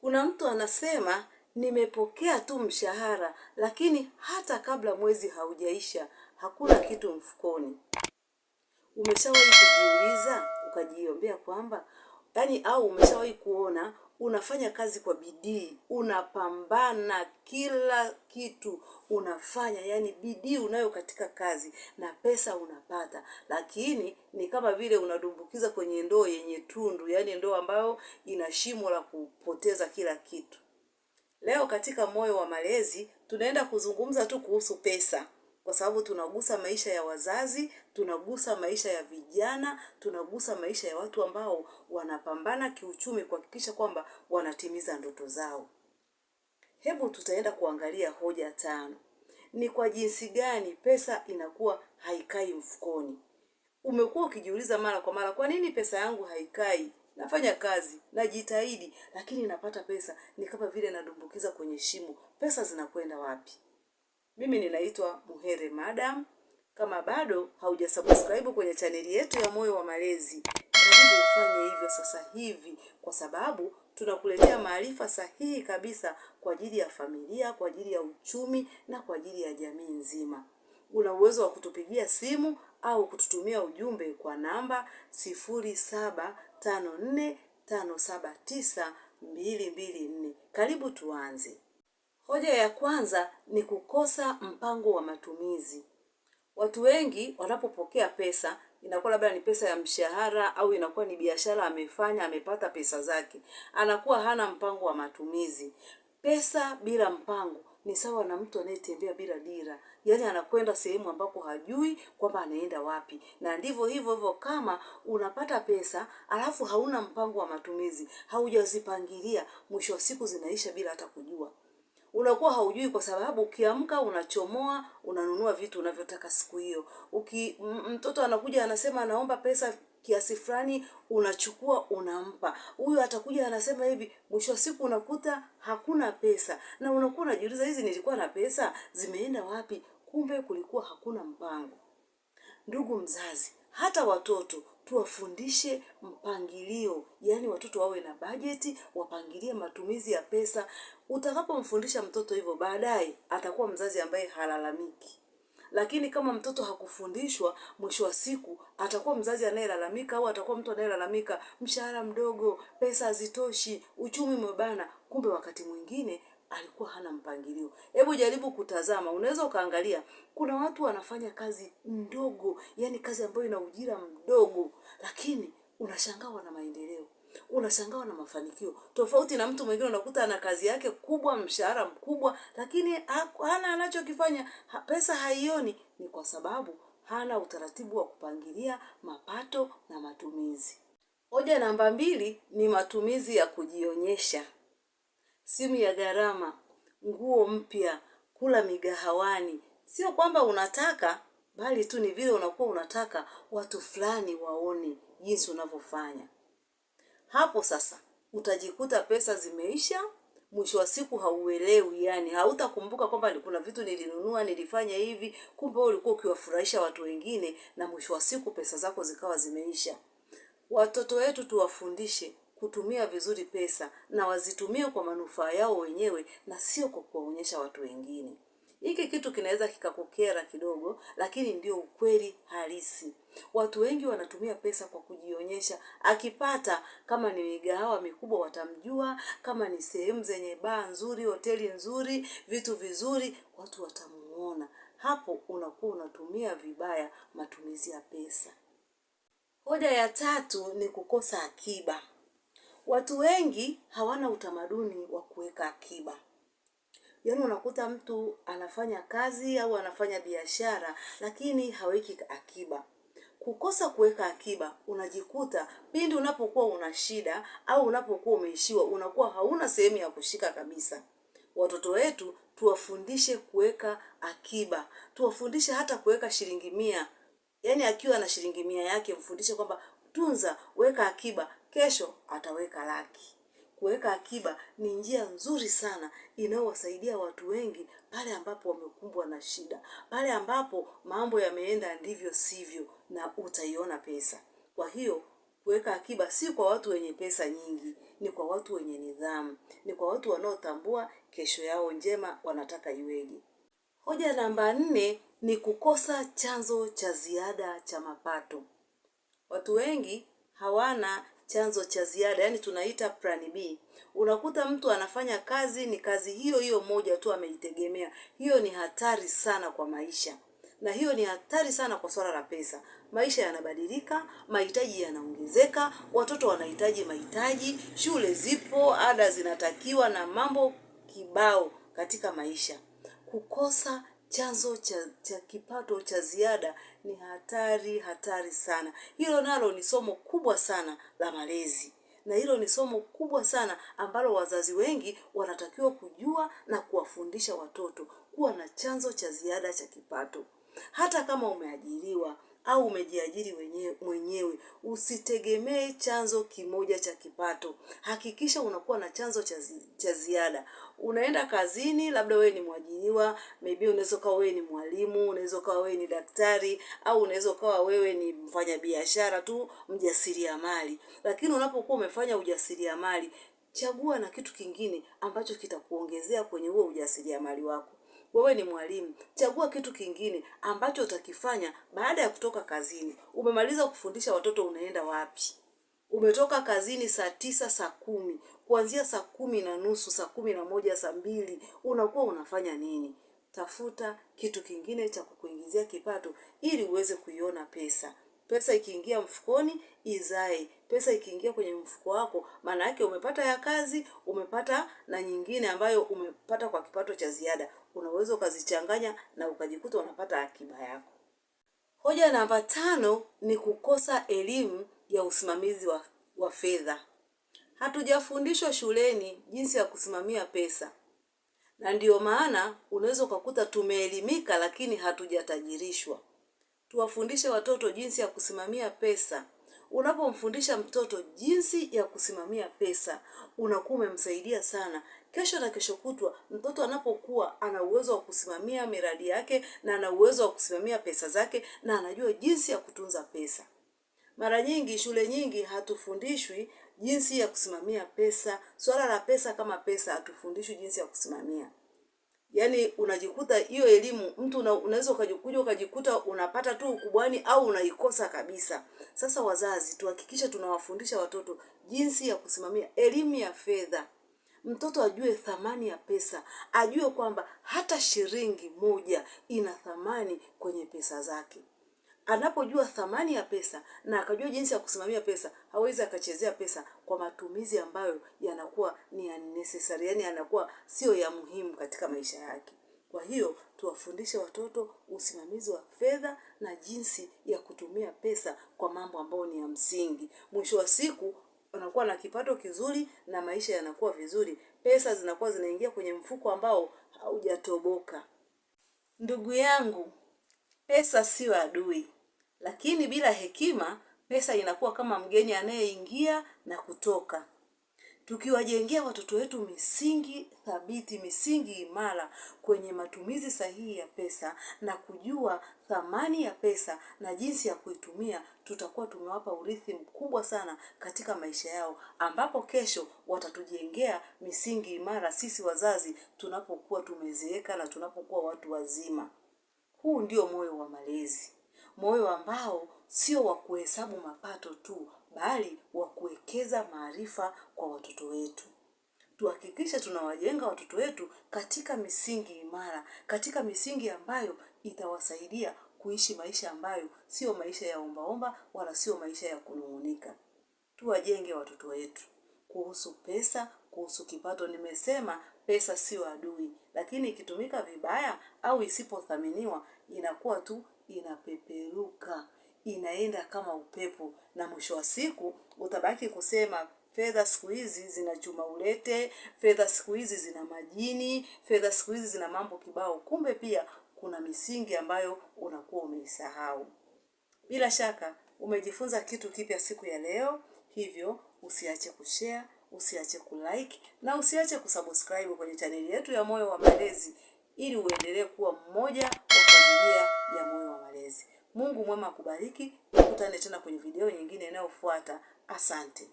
Kuna mtu anasema nimepokea tu mshahara, lakini hata kabla mwezi haujaisha hakuna kitu mfukoni. Umeshawahi kujiuliza ukajiombea kwamba yani au umeshawahi kuona unafanya kazi kwa bidii, unapambana, kila kitu unafanya, yani bidii unayo katika kazi na pesa unapata, lakini ni kama vile unadumbukiza kwenye ndoo yenye tundu, yani ndoo ambayo ina shimo la kupoteza kila kitu. Leo katika Moyo wa Malezi tunaenda kuzungumza tu kuhusu pesa kwa sababu tunagusa maisha ya wazazi, tunagusa maisha ya vijana, tunagusa maisha ya watu ambao wanapambana kiuchumi kuhakikisha kwamba wanatimiza ndoto zao. Hebu tutaenda kuangalia hoja tano. Ni kwa jinsi gani pesa inakuwa haikai mfukoni? Umekuwa ukijiuliza mara kwa mara, kwa nini pesa yangu haikai? Nafanya kazi, najitahidi, lakini napata pesa ni kama vile nadumbukiza kwenye shimo. Pesa zinakwenda wapi? Mimi ninaitwa Muhere Madam. Kama bado haujasubscribe kwenye chaneli yetu ya Moyo wa Malezi, karibu ufanye hivyo sasa hivi, kwa sababu tunakuletea maarifa sahihi kabisa kwa ajili ya familia, kwa ajili ya uchumi na kwa ajili ya jamii nzima. Una uwezo wa kutupigia simu au kututumia ujumbe kwa namba 0754579224. Karibu tuanze. Hoja ya kwanza ni kukosa mpango wa matumizi. Watu wengi wanapopokea pesa inakuwa labda ni pesa ya mshahara au inakuwa ni biashara amefanya, amepata pesa zake, anakuwa hana mpango wa matumizi. Pesa bila mpango ni sawa na mtu anayetembea bila dira, yaani anakwenda sehemu ambapo hajui kwamba anaenda wapi. Na ndivyo hivyo hivyo, kama unapata pesa alafu hauna mpango wa matumizi, haujazipangilia, mwisho wa siku zinaisha bila hata kujua unakuwa haujui kwa sababu ukiamka unachomoa, unanunua vitu unavyotaka siku hiyo. Uki mtoto anakuja anasema anaomba pesa kiasi fulani, unachukua unampa huyu. Atakuja anasema hivi, mwisho wa siku unakuta hakuna pesa, na unakuwa unajiuliza, hizi nilikuwa na pesa zimeenda wapi? Kumbe kulikuwa hakuna mpango. Ndugu mzazi, hata watoto tuwafundishe mpangilio, yaani watoto wawe na bajeti, wapangilie matumizi ya pesa. Utakapomfundisha mtoto hivyo, baadaye atakuwa mzazi ambaye halalamiki. Lakini kama mtoto hakufundishwa, mwisho wa siku atakuwa mzazi anayelalamika, au atakuwa mtu anayelalamika, mshahara mdogo, pesa hazitoshi, uchumi umebana. Kumbe wakati mwingine alikuwa hana mpangilio. Hebu jaribu kutazama, unaweza ukaangalia, kuna watu wanafanya kazi ndogo, yani kazi ambayo ina ujira mdogo, lakini unashangaa wana maendeleo, unashangaa na mafanikio, tofauti na mtu mwingine unakuta ana kazi yake kubwa, mshahara mkubwa, lakini hana anachokifanya, pesa haioni. Ni kwa sababu hana utaratibu wa kupangilia mapato na matumizi. Hoja namba mbili ni matumizi ya kujionyesha simu ya gharama, nguo mpya, kula migahawani. Sio kwamba unataka, bali tu ni vile unakuwa unataka watu fulani waone jinsi unavyofanya. Hapo sasa utajikuta pesa zimeisha, mwisho wa siku hauelewi, yani hautakumbuka kwamba kuna vitu nilinunua, nilifanya hivi, kumbe ulikuwa ukiwafurahisha watu wengine, na mwisho wa siku pesa zako zikawa zimeisha. Watoto wetu tuwafundishe kutumia vizuri pesa na wazitumie kwa manufaa yao wenyewe na sio kwa kuwaonyesha watu wengine. Hiki kitu kinaweza kikakukera kidogo, lakini ndio ukweli halisi. Watu wengi wanatumia pesa kwa kujionyesha. Akipata kama ni migahawa mikubwa watamjua, kama ni sehemu zenye baa nzuri, hoteli nzuri, vitu vizuri, watu watamuona. Hapo unakuwa unatumia vibaya matumizi ya pesa. Hoja ya tatu ni kukosa akiba. Watu wengi hawana utamaduni wa kuweka akiba. Yaani unakuta mtu anafanya kazi au anafanya biashara lakini haweki akiba. Kukosa kuweka akiba unajikuta pindi unapokuwa una shida au unapokuwa umeishiwa unakuwa hauna sehemu ya kushika kabisa. Watoto wetu tuwafundishe kuweka akiba. Tuwafundishe hata kuweka shilingi mia. Yaani akiwa na shilingi mia yake mfundishe kwamba tunza, weka akiba kesho ataweka laki. Kuweka akiba ni njia nzuri sana inayowasaidia watu wengi pale ambapo wamekumbwa na shida, pale ambapo mambo yameenda ndivyo sivyo, na utaiona pesa. Kwa hiyo kuweka akiba si kwa watu wenye pesa nyingi, ni kwa watu wenye nidhamu, ni kwa watu wanaotambua kesho yao njema wanataka iweje. Hoja namba nne ni kukosa chanzo cha ziada cha mapato. Watu wengi hawana chanzo cha ziada, yani tunaita plan B. Unakuta mtu anafanya kazi ni kazi hiyo hiyo moja tu ameitegemea. Hiyo ni hatari sana kwa maisha, na hiyo ni hatari sana kwa swala la pesa. Maisha yanabadilika, mahitaji yanaongezeka, watoto wanahitaji mahitaji, shule zipo, ada zinatakiwa na mambo kibao katika maisha. Kukosa chanzo cha, cha kipato cha ziada ni hatari hatari sana. Hilo nalo ni somo kubwa sana la malezi, na hilo ni somo kubwa sana ambalo wazazi wengi wanatakiwa kujua na kuwafundisha watoto kuwa na chanzo cha ziada cha kipato, hata kama umeajiriwa au umejiajiri mwenyewe Usitegemee chanzo kimoja cha kipato, hakikisha unakuwa na chanzo cha cha ziada. Unaenda kazini, labda wewe ni mwajiriwa, maybe unaweza ukawa wewe ni mwalimu, unaweza ukawa wewe ni daktari, au unaweza ukawa wewe ni mfanyabiashara tu, mjasiriamali. Lakini unapokuwa umefanya ujasiriamali, chagua na kitu kingine ambacho kitakuongezea kwenye huo ujasiriamali wako wewe ni mwalimu, chagua kitu kingine ambacho utakifanya baada ya kutoka kazini. Umemaliza kufundisha watoto, unaenda wapi? Umetoka kazini saa tisa, saa kumi, kuanzia saa kumi na nusu, saa kumi na moja, saa mbili, unakuwa unafanya nini? Tafuta kitu kingine cha kukuingizia kipato ili uweze kuiona pesa. Pesa ikiingia mfukoni, izae Pesa ikiingia kwenye mfuko wako, maana yake umepata ya kazi, umepata na nyingine ambayo umepata kwa kipato cha ziada. Unaweza ukazichanganya na ukajikuta unapata akiba yako. Hoja namba tano ni kukosa elimu ya usimamizi wa, wa fedha. Hatujafundishwa shuleni jinsi ya kusimamia pesa, na ndiyo maana unaweza ukakuta tumeelimika, lakini hatujatajirishwa. Tuwafundishe watoto jinsi ya kusimamia pesa. Unapomfundisha mtoto jinsi ya kusimamia pesa, unakuwa umemsaidia sana kesho na kesho kutwa. Mtoto anapokuwa ana uwezo wa kusimamia miradi yake na ana uwezo wa kusimamia pesa zake na anajua jinsi ya kutunza pesa. Mara nyingi shule nyingi hatufundishwi jinsi ya kusimamia pesa. Swala la pesa kama pesa hatufundishwi jinsi ya kusimamia yani unajikuta hiyo elimu mtu unaweza ukajikuja ukajikuta unapata tu ukubwani au unaikosa kabisa. Sasa wazazi, tuhakikishe tunawafundisha watoto jinsi ya kusimamia elimu ya fedha. Mtoto ajue thamani ya pesa, ajue kwamba hata shilingi moja ina thamani kwenye pesa zake. Anapojua thamani ya pesa na akajua jinsi ya kusimamia pesa, hawezi akachezea pesa kwa matumizi ambayo yanakuwa ni unnecessary, yani yanakuwa sio ya muhimu katika maisha yake. Kwa hiyo tuwafundishe watoto usimamizi wa fedha na jinsi ya kutumia pesa kwa mambo ambayo ni ya msingi. Mwisho wa siku wanakuwa na kipato kizuri na maisha yanakuwa vizuri, pesa zinakuwa zinaingia kwenye mfuko ambao haujatoboka. Ndugu yangu, pesa sio adui lakini bila hekima pesa inakuwa kama mgeni anayeingia na kutoka. Tukiwajengea watoto wetu misingi thabiti, misingi imara kwenye matumizi sahihi ya pesa na kujua thamani ya pesa na jinsi ya kuitumia, tutakuwa tumewapa urithi mkubwa sana katika maisha yao, ambapo kesho watatujengea misingi imara sisi wazazi tunapokuwa tumezeeka na tunapokuwa watu wazima. Huu ndio moyo wa malezi moyo ambao sio wa kuhesabu mapato tu, bali wa kuwekeza maarifa kwa watoto wetu. Tuhakikishe tunawajenga watoto wetu katika misingi imara, katika misingi ambayo itawasaidia kuishi maisha ambayo sio maisha ya ombaomba wala sio maisha ya kunung'unika. Tuwajenge watoto wetu kuhusu pesa, kuhusu kipato. Nimesema pesa sio adui, lakini ikitumika vibaya au isipothaminiwa inakuwa tu inapeperuka, inaenda kama upepo, na mwisho wa siku utabaki kusema fedha siku hizi zina chuma ulete, fedha siku hizi zina majini fedha siku hizi zina mambo kibao, kumbe pia kuna misingi ambayo unakuwa umeisahau. Bila shaka umejifunza kitu kipya siku ya leo, hivyo usiache kushare usiache kulike na usiache kusubscribe kwenye chaneli yetu ya Moyo wa Malezi ili uendelee kuwa mmoja wa familia ya Moyo wa Malezi. Mungu mwema akubariki. Tukutane tena kwenye video nyingine inayofuata. Asante.